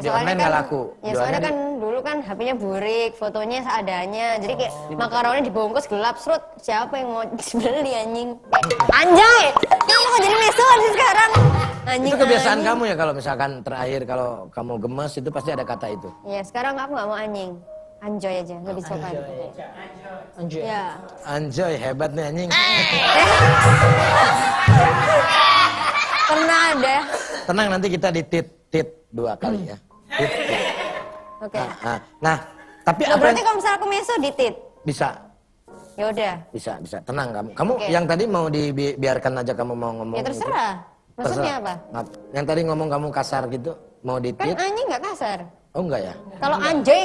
ya, di online nggak kan- laku. Ya soalnya di... kan dulu kan HP-nya burik, fotonya seadanya. Jadi oh. kayak oh. makaroni dibungkus gelap serut. Siapa yang mau beli anjing? Eh, anjay! Ya lo jadi sih sekarang. Anjing, itu kebiasaan anjing. kamu ya kalau misalkan terakhir kalau kamu gemes itu pasti ada kata itu. Ya sekarang aku nggak mau anjing. Anjoy aja, lebih sopan. Anjoy. Anjoy. Ya. Anjoy, hebat nih anjing. Eh. Pernah ada. Tenang nanti kita ditit tit dua kali ya. Hmm. Oke. Okay. Nah, nah, nah, tapi nah, apa berarti yang... kalau misalnya aku meso di tit? Bisa. Ya udah. Bisa, bisa. Tenang kamu. Kamu okay. yang tadi mau dibiarkan aja kamu mau ngomong. Ya terserah. Gitu. Maksudnya terserah. apa? Yang tadi ngomong kamu kasar gitu, mau di kan tit. Kan anjing nggak kasar. Oh enggak ya? Kalau anjing.